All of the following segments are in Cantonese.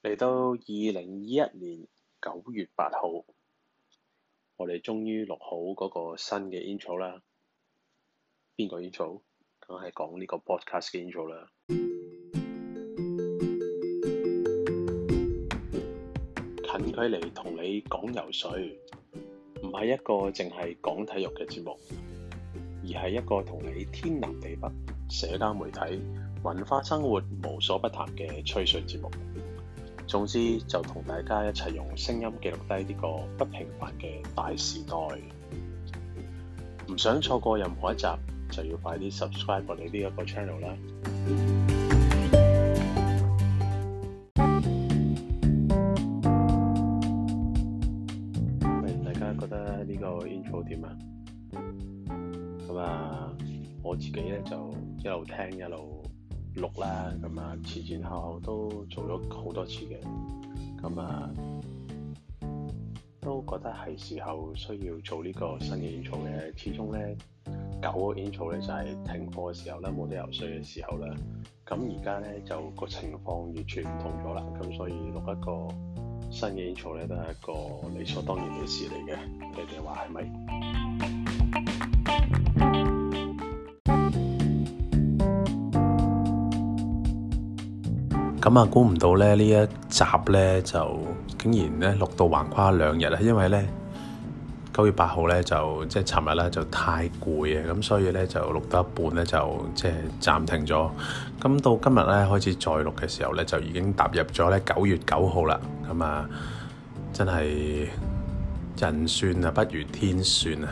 嚟到二零二一年九月八號，我哋終於錄好嗰個新嘅 intro 啦。邊個 intro？梗係講呢個 podcast 嘅 intro 啦。近距離同你講游水，唔係一個淨係講體育嘅節目，而係一個同你天南地北、社交媒體、文化生活無所不談嘅吹水節目。總之，就同大家一齊用聲音記錄低呢個不平凡嘅大時代。唔想錯過任何一集，就要快啲 subscribe 過你呢一個 channel 啦。 大家覺得呢個 intro 點啊？咁啊，我自己呢就一路聽一路。錄啦，咁啊前前後後都做咗好多次嘅，咁啊都覺得係時候需要做呢個新嘅 intro 嘅。始終咧舊嘅 intro 咧就係停課嘅時候啦，冇得游水嘅時候啦。咁而家咧就個情況完全唔同咗啦，咁所以錄一個新嘅 intro 咧都係一個理所當然嘅事嚟嘅。你哋話係咪？咁啊，估唔到咧呢一集咧就竟然咧錄到橫跨兩日啊！因為咧九月八號咧就即係尋日咧就太攰啊，咁所以咧就錄到一半咧就即係、就是、暫停咗。咁到今日咧開始再錄嘅時候咧，就已經踏入咗咧九月九號啦。咁啊，真係人算啊不如天算啊！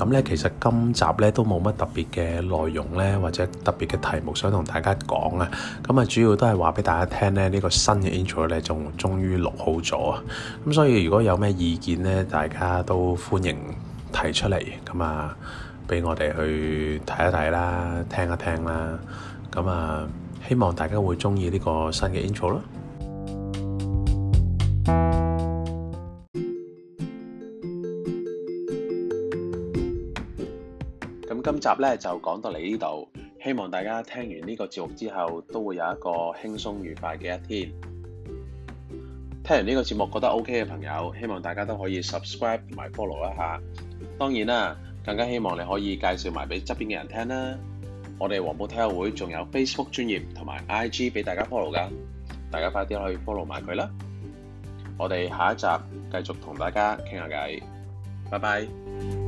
咁咧，其實今集咧都冇乜特別嘅內容咧，或者特別嘅題目想同大家講啊。咁啊，主要都係話俾大家聽咧，呢個新嘅 intro 咧，仲終於錄好咗啊。咁所以如果有咩意見咧，大家都歡迎提出嚟，咁啊，俾我哋去睇一睇啦，聽一聽啦。咁啊，希望大家會鍾意呢個新嘅 intro 咯。今集咧就講到嚟呢度，希望大家聽完呢個節目之後都會有一個輕鬆愉快嘅一天。聽完呢個節目覺得 OK 嘅朋友，希望大家都可以 subscribe 同埋 follow 一下。當然啦、啊，更加希望你可以介紹埋俾側邊嘅人聽啦。我哋黃埔體育會仲有 Facebook 專頁同埋 IG 俾大家 follow 噶，大家快啲去 follow 埋佢啦。我哋下一集繼續同大家傾下偈，拜拜。